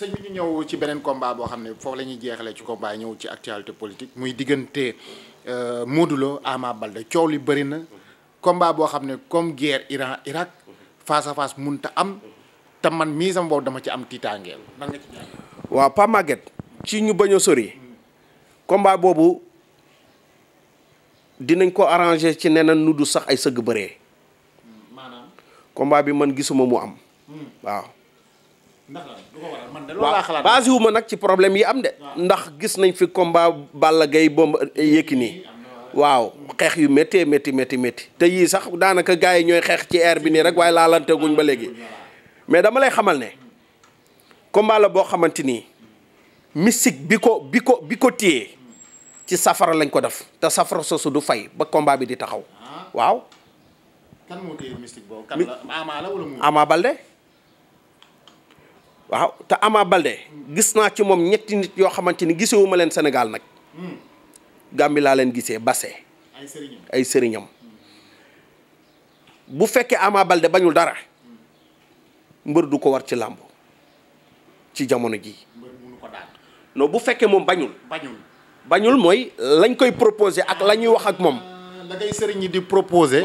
sëñ bi ñëw ci beneen combat boo xam ne foofu la ñuy jeexalee ci combat ñëw ci actualité politique muy diggante euh, Modou Lo Ama Baldé coow li bëri na combat boo xam ne comme guerre Iran Irak face à face munta am te man mii sama boobu dama ci am tiitaangeel nan nga ci Pa Maguette ci ñu bañ a sori combat boobu dinañ ko arrangé ci neneen nu du sax ay sëgg bëree maanaam combat bi man gisuma mu am hmm. waaw ndax wu ma nag ci problème yi am de. ndax gis nañ fi combat Balla Gaye bomb Yékini waaw xeex yu métti métti métti métti te yii sax daanaka gars yi ñooy xeex ci air bi nii rek waaye laalante ba léegi mais dama lay xamal ne combat la boo xamante ni mistik bi ko bi ko bi ko téye ci safara lañ ko def te safara soosu du fay ba combat bi di taxaw ah. waaw. kan moo téye Balde. waaw te Ama Balde gis naa ci moom ñetti nit yoo xamante ni gisewu ma leen Sénégal nag hmm. Gàmbi laa leen gisee Basse ay sëriñam ay sëriñam bu fekkee Ama Balde bañul dara mbër du ko war ci làmb ci jamono ji non bu fekkee moom bañul bañul bañul mooy lañ koy proposer ak la ñuy wax ak moom da ah, ngay sëriñ yi di proposer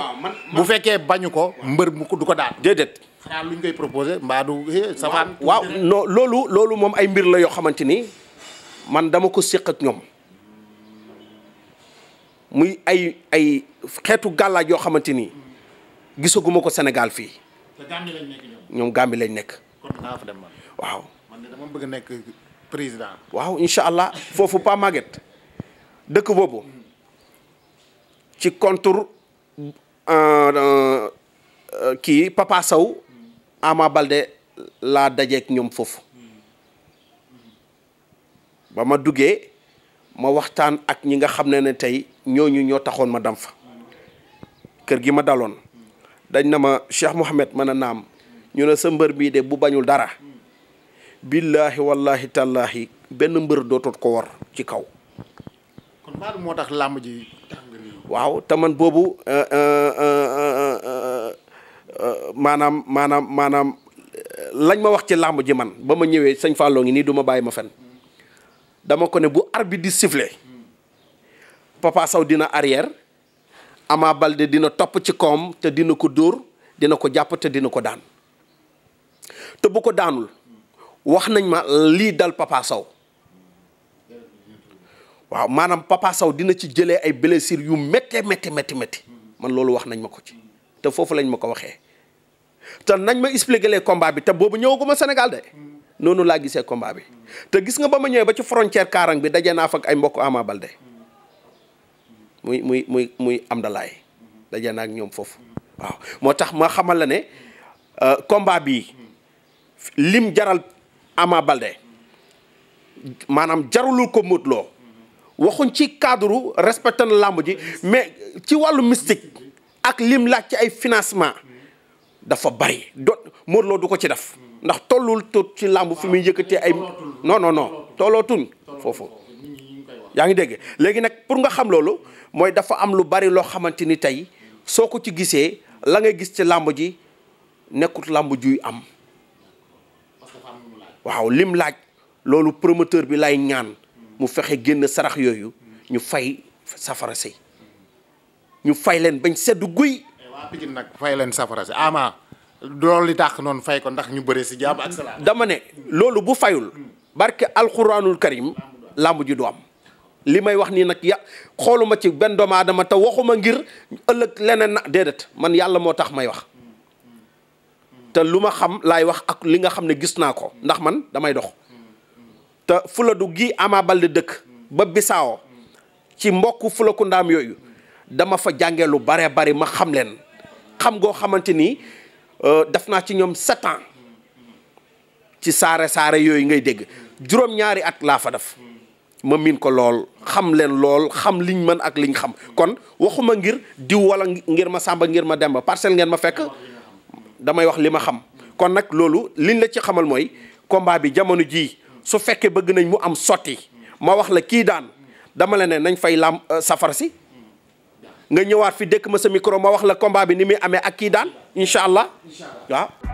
bu fekkee bañu ko mbër mu du ko daan déedéet xanaa luñ koy proposé mbaa du safaan eh, waaw non loolu loolu moom ay mbir la yoo xamante ni man dama ko séq ak ñoom muy ay ay xeetu gàllaaj yoo xamante ni gisaguma ko Sénégal fii. ñoom. ñoom Gambie lañ nekk. kon waaw man bëgg nekk président. waaw incha allah foofu pas Maguette dëkk boobu ci contour euh, euh, kii Papa Ama Balde laa dajeek ñoom foofu ba ma duggee ma waxtaan ak ñi nga xam ne ne tey ñooñu ñoo taxoon ma dem fa kër gi ma daloon dañ na ma Cheikh Mouhamed mën a naam ñu ne sa mbër bii de bu bañul dara billaahi wallahi tallaahi benn mbër dootul ko war ci kaw waaw te boobu euh, euh, euh, maanaam maanaam maanaam eh, lañ ma wax ci làmb ji man ba ma ñëwee sëñ Fallou ngi nii du ma bàyyi ma fen dama ko ne bu bi di siffler Papa Sow dina arrière Ama Baldé dina topp ci koom te dina ko dóor dina ko jàpp te dina ko daan te bu ko daanul wax nañ ma lii dal Papa Sow waaw maanaam Papa Sow dina ci jëlee ay blessures yu méttee métti métti man loolu wax nañ ma ko ci te foofu lañ ma ko waxee te nañ ma expliquer les combat bi te boobu ñëwaguma Sénégal de noonu laa gisee combat bi te gis nga ba ma ñëwee ba ci frontière Kaarang bi daje naa fa ak ay mbokk Ama Balde muy muy muy muy Amdalaay daje naa ak ñoom foofu waaw moo tax ma xamal la ne euh, combat bi lim jaral Ama Balde maanaam jarulu ko Modou Lo waxuñ ci cadre respecté na làmb ji mais ci wàllu mystique ak lim laaj ci ay financement dafa bari do Modou Lo du ko ci def ndax tollul tot ci làmb fi muy yëkkatee ay non non non foofu yaa ngi dégg léegi nag pour nga xam loolu mooy dafa am lu bari loo xamante ni tey soo ko ci gisee la ngay gis ci làmb ji nekkut làmb juy am waaw lim laaj loolu promoteur bi lay ñaan mu fexe génn sarax yooyu ñu fay safara si ñu fay leen bañ sedd guy waa Pikine nag fay leen safara si ama loolu li tax noonu fay ko ndax ñu bëre si jàmm ak salaam dama ne loolu bu fayul barke alxuraanul karim làmb ji du am li may wax nii nag ya xooluma ci benn doomu aadama te waxuma ngir ëllëg leneen na déedéet man yàlla moo tax may wax te lu ma xam laay wax ak li nga xam ne gis naa ko ndax man damay dox te Fuladu gi Ama Baldé dëkk ba Bisaawo ci mbokk ndaam yooyu dama fa jàngee lu bare bari ma xam leen xam goo xamante ni euh, def naa ci ñoom sept ans ci saare saare yooyu ngay dégg juróom-ñaari at laa fa def ma miin ko lool xam leen lool xam liñ mën ak liñ xam kon waxuma ngir diw wala ngir ma sàmba ngir ma demba parcelle ngeen ma fekk damay wax li ma xam kon nag loolu liñ la ci xamal mooy combat bi jamono jii su fekkee bëgg nañ mu am sotti ma wax la kii daan dama la ne nañ fay lam euh, safar si nga ñëwaat fi dëkk ma sa micro ma wax la kombaa bi ni muy amee ak kii daan incha allah. waaw.